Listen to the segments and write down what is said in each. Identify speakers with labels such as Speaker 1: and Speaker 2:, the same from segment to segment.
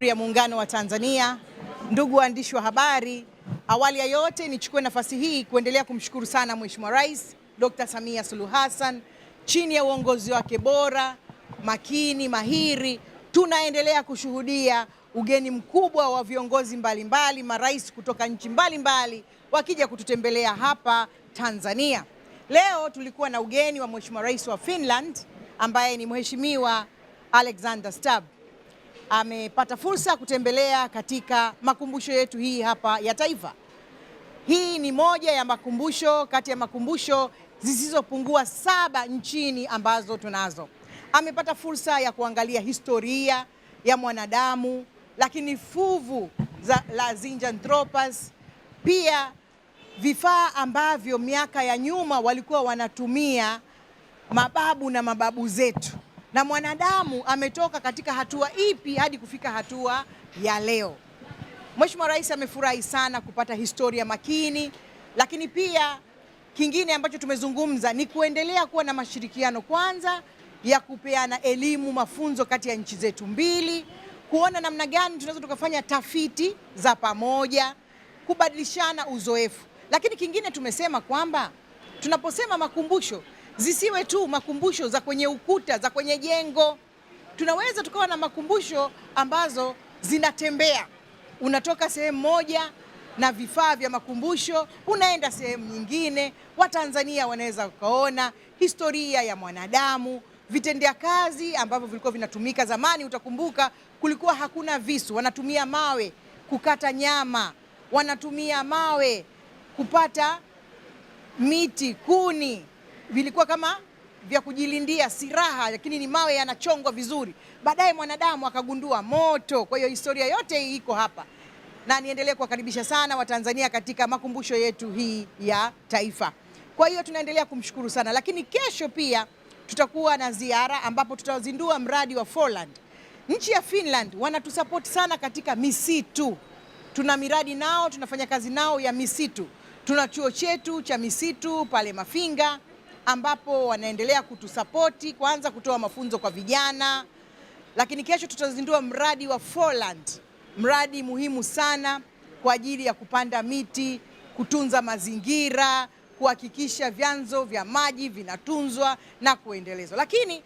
Speaker 1: ya Muungano wa Tanzania. Ndugu waandishi wa habari, awali ya yote nichukue nafasi hii kuendelea kumshukuru sana Mheshimiwa Rais Dr. Samia Suluhu Hassan. Chini ya uongozi wake bora, makini, mahiri, tunaendelea kushuhudia ugeni mkubwa wa viongozi mbalimbali, marais kutoka nchi mbalimbali wakija kututembelea hapa Tanzania. Leo tulikuwa na ugeni wa Mheshimiwa Rais wa Finland ambaye ni Mheshimiwa Alexander Stubb amepata fursa ya kutembelea katika makumbusho yetu hii hapa ya taifa. Hii ni moja ya makumbusho kati ya makumbusho zisizopungua saba nchini ambazo tunazo. Amepata fursa ya kuangalia historia ya mwanadamu, lakini fuvu za, la Zinjanthropus, pia vifaa ambavyo miaka ya nyuma walikuwa wanatumia mababu na mababu zetu na mwanadamu ametoka katika hatua ipi hadi kufika hatua ya leo. Mheshimiwa Rais amefurahi sana kupata historia makini, lakini pia kingine ambacho tumezungumza ni kuendelea kuwa na mashirikiano kwanza ya kupeana elimu, mafunzo kati ya nchi zetu mbili, kuona namna gani tunaweza tukafanya tafiti za pamoja, kubadilishana uzoefu. Lakini kingine tumesema kwamba tunaposema makumbusho zisiwe tu makumbusho za kwenye ukuta za kwenye jengo. Tunaweza tukawa na makumbusho ambazo zinatembea, unatoka sehemu moja na vifaa vya makumbusho unaenda sehemu nyingine. Watanzania wanaweza wakaona historia ya mwanadamu, vitendea kazi ambavyo vilikuwa vinatumika zamani. Utakumbuka kulikuwa hakuna visu, wanatumia mawe kukata nyama, wanatumia mawe kupata miti, kuni vilikuwa kama vya kujilindia siraha, lakini ni mawe yanachongwa vizuri. Baadaye mwanadamu akagundua moto. Kwa hiyo historia yote hii iko hapa, na niendelee kuwakaribisha sana Watanzania katika makumbusho yetu hii ya taifa. Kwa hiyo tunaendelea kumshukuru sana, lakini kesho pia tutakuwa na ziara ambapo tutazindua mradi wa Forland. Nchi ya Finland wanatusapoti sana katika misitu. Tuna miradi nao, tunafanya kazi nao ya misitu. Tuna chuo chetu cha misitu pale Mafinga ambapo wanaendelea kutusapoti kwanza kutoa mafunzo kwa vijana, lakini kesho tutazindua mradi wa Forland, mradi muhimu sana kwa ajili ya kupanda miti, kutunza mazingira, kuhakikisha vyanzo vya maji vinatunzwa na kuendelezwa. Lakini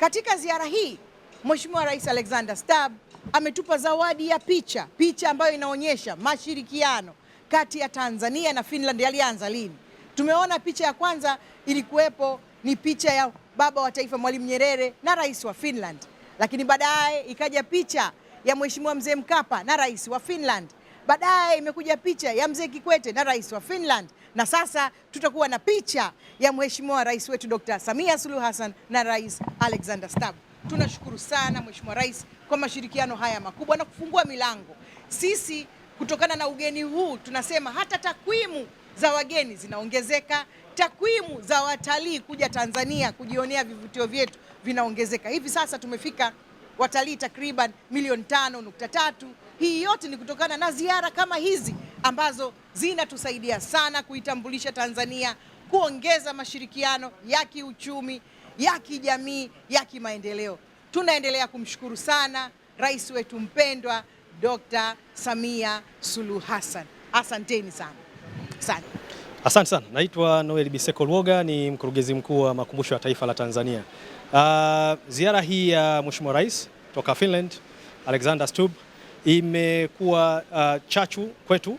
Speaker 1: katika ziara hii Mheshimiwa Rais Alexander Stubb ametupa zawadi ya picha, picha ambayo inaonyesha mashirikiano kati ya Tanzania na Finland yalianza lini. Tumeona picha ya kwanza ilikuwepo ni picha ya baba wa taifa Mwalimu Nyerere na rais wa Finland, lakini baadaye ikaja picha ya Mheshimiwa Mzee Mkapa na rais wa Finland, baadaye imekuja picha ya Mzee Kikwete na rais wa Finland, na sasa tutakuwa na picha ya Mheshimiwa rais wetu Dr. Samia Suluhu Hassan na rais Alexander Stubb. Tunashukuru sana Mheshimiwa Rais kwa mashirikiano haya makubwa na kufungua milango. Sisi kutokana na ugeni huu tunasema hata takwimu za wageni zinaongezeka, takwimu za watalii kuja Tanzania kujionea vivutio vyetu vinaongezeka. Hivi sasa tumefika watalii takriban milioni tano nukta tatu. Hii yote ni kutokana na ziara kama hizi ambazo zinatusaidia sana kuitambulisha Tanzania, kuongeza mashirikiano ya kiuchumi, ya kijamii, ya kimaendeleo. Tunaendelea kumshukuru sana rais wetu mpendwa Dr. Samia Suluhu Hassan. Asanteni sana sana.
Speaker 2: Asante sana, naitwa Noel Biseko Luoga, ni mkurugenzi mkuu wa makumbusho ya taifa la Tanzania. Uh, ziara hii ya Mheshimiwa Rais toka Finland Alexander Stubb imekuwa uh, chachu kwetu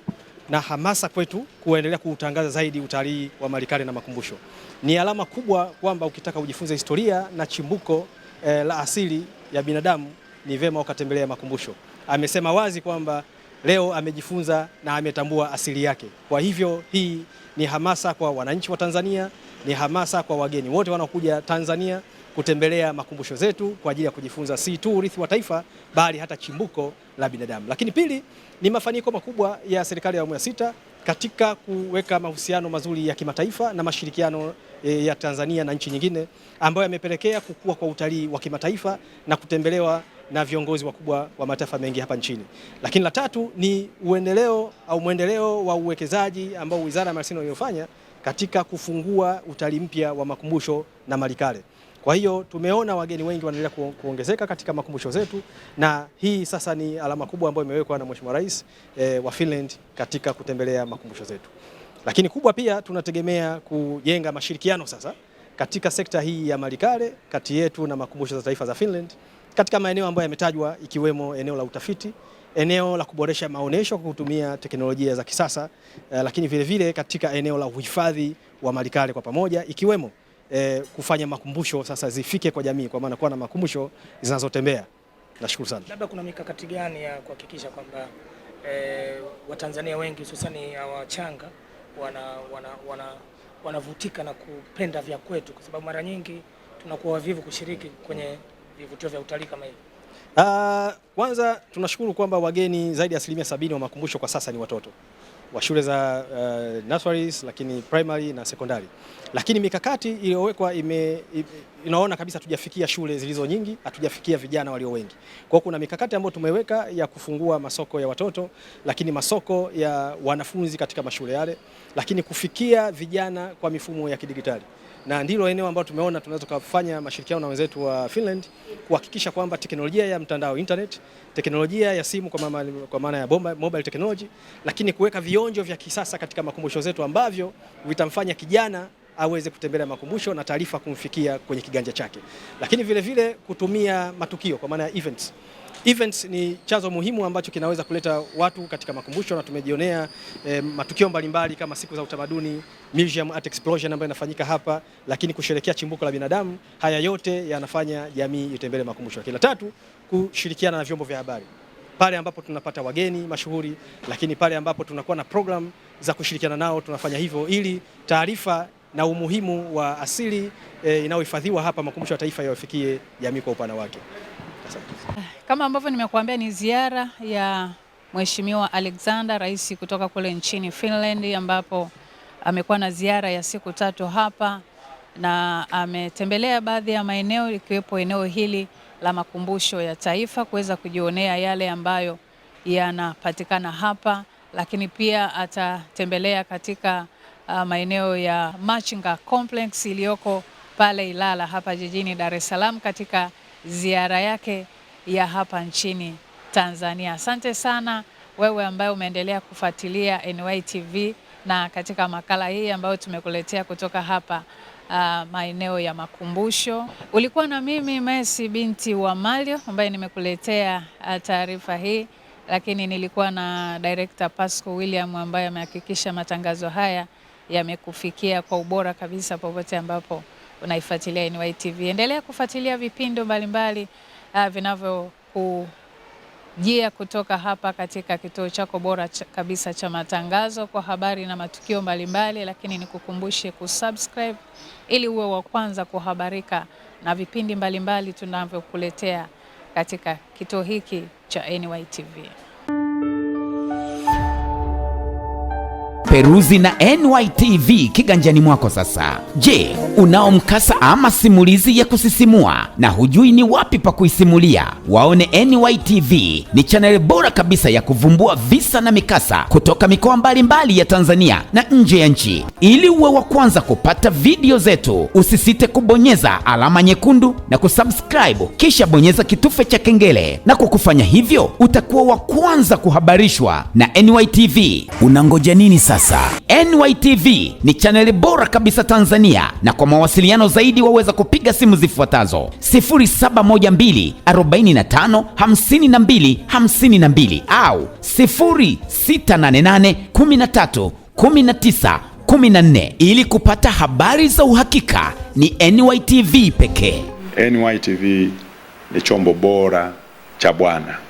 Speaker 2: na hamasa kwetu kuendelea kuutangaza zaidi utalii wa Malikale na makumbusho. Ni alama kubwa kwamba ukitaka kujifunza historia na chimbuko eh, la asili ya binadamu ni vema ukatembelea makumbusho. Amesema wazi kwamba leo amejifunza na ametambua asili yake. Kwa hivyo hii ni hamasa kwa wananchi wa Tanzania, ni hamasa kwa wageni wote wanaokuja Tanzania kutembelea makumbusho zetu kwa ajili ya kujifunza si tu urithi wa taifa bali hata chimbuko la binadamu. Lakini pili ni mafanikio makubwa ya serikali ya awamu ya sita katika kuweka mahusiano mazuri ya kimataifa na mashirikiano e, ya Tanzania na nchi nyingine ambayo yamepelekea kukua kwa utalii wa kimataifa na kutembelewa na viongozi wakubwa wa mataifa mengi hapa nchini. Lakini la tatu ni uendeleo au mwendeleo wa uwekezaji ambao Wizara ya Maliasili iliyofanya katika kufungua utalii mpya wa makumbusho na malikale. Kwa hiyo tumeona wageni wengi wanaendelea kuongezeka katika makumbusho zetu, na hii sasa ni alama kubwa ambayo imewekwa na Mheshimiwa Rais e, wa Finland katika kutembelea makumbusho zetu. Lakini kubwa pia tunategemea kujenga mashirikiano sasa katika sekta hii ya malikale kati yetu na makumbusho za taifa za Finland katika maeneo ambayo yametajwa ikiwemo eneo la utafiti, eneo la kuboresha maonyesho kwa kutumia teknolojia za kisasa eh, lakini vilevile vile katika eneo la uhifadhi wa malikale kwa pamoja ikiwemo eh, kufanya makumbusho sasa zifike kwa jamii, kwa maana kuwa na makumbusho zinazotembea. Nashukuru sana.
Speaker 3: Labda kuna mikakati gani ya kuhakikisha kwamba eh, Watanzania wengi hususani wachanga wanavutika wana, wana, wana na kupenda vya kwetu, kwa sababu mara nyingi tunakuwa wavivu kushiriki kwenye vivutio vya utalii kama hivi?
Speaker 2: Ah, kwanza tunashukuru kwamba wageni zaidi ya asilimia sabini wa makumbusho kwa sasa ni watoto wa shule za uh, nurseries lakini primary na sekondari, lakini mikakati iliyowekwa ime, inaona kabisa hatujafikia shule zilizo nyingi, hatujafikia vijana walio wengi. Kwa hiyo kuna mikakati ambayo tumeweka ya kufungua masoko ya watoto, lakini masoko ya wanafunzi katika mashule yale, lakini kufikia vijana kwa mifumo ya kidigitali na ndilo eneo ambalo tumeona tunaweza tukafanya mashirikiano na wenzetu wa Finland kuhakikisha kwamba teknolojia ya mtandao internet, teknolojia ya simu kwa maana ya bomba mobile technology, lakini kuweka vionjo vya kisasa katika makumbusho zetu ambavyo vitamfanya kijana aweze kutembelea makumbusho na taarifa kumfikia kwenye kiganja chake, lakini vile vile kutumia matukio kwa maana ya events. Events ni chanzo muhimu ambacho kinaweza kuleta watu katika makumbusho na tumejionea eh, matukio mbalimbali kama siku za utamaduni, Museum Art Explosion ambayo inafanyika hapa, lakini kusherekea chimbuko la binadamu. Haya yote yanafanya jamii itembelee makumbusho. Lakini la tatu, kushirikiana na vyombo vya habari pale ambapo tunapata wageni mashuhuri, lakini pale ambapo tunakuwa na program za kushirikiana nao tunafanya hivyo ili taarifa na umuhimu wa asili e, inayohifadhiwa hapa Makumbusho ya Taifa yawafikie jamii kwa upana wake.
Speaker 4: Kama ambavyo nimekuambia, ni ziara ya Mheshimiwa Alexander, rais kutoka kule nchini Finland, ambapo amekuwa na ziara ya siku tatu hapa na ametembelea baadhi ya maeneo ikiwepo eneo hili la makumbusho ya taifa kuweza kujionea yale ambayo yanapatikana hapa, lakini pia atatembelea katika uh, maeneo ya Machinga Complex iliyoko pale Ilala hapa jijini Dar es Salaam katika ziara yake ya hapa nchini Tanzania. Asante sana wewe ambaye umeendelea kufuatilia NY TV na katika makala hii ambayo tumekuletea kutoka hapa uh, maeneo ya makumbusho. Ulikuwa na mimi Messi binti wa Malio ambaye nimekuletea uh, taarifa hii, lakini nilikuwa na director Pasco William ambaye amehakikisha matangazo haya yamekufikia kwa ubora kabisa popote ambapo unaifuatilia NY TV. Endelea kufuatilia vipindo mbalimbali uh, vinavyo jia kutoka hapa katika kituo chako bora ch kabisa cha matangazo kwa habari na matukio mbalimbali lakini nikukumbushe kusubscribe ili uwe wa kwanza kuhabarika na vipindi mbalimbali tunavyokuletea katika kituo hiki cha nytv
Speaker 5: peruzi na NYTV kiganjani mwako sasa. Je, unao mkasa ama simulizi ya kusisimua na hujui ni wapi pa kuisimulia? Waone NYTV, ni chaneli bora kabisa ya kuvumbua visa na mikasa kutoka mikoa mbalimbali ya Tanzania na nje ya nchi. Ili uwe wa kwanza kupata video zetu, usisite kubonyeza alama nyekundu na kusubscribe, kisha bonyeza kitufe cha kengele, na kwa kufanya hivyo utakuwa wa kwanza kuhabarishwa na NYTV. Unangoja nini sasa? sasa. NYTV ni chaneli bora kabisa Tanzania, na kwa mawasiliano zaidi waweza kupiga simu zifuatazo 0712 45 52 52 au 0688 13 19 14 ili kupata habari za uhakika ni NYTV pekee.
Speaker 6: NYTV ni chombo bora cha Bwana.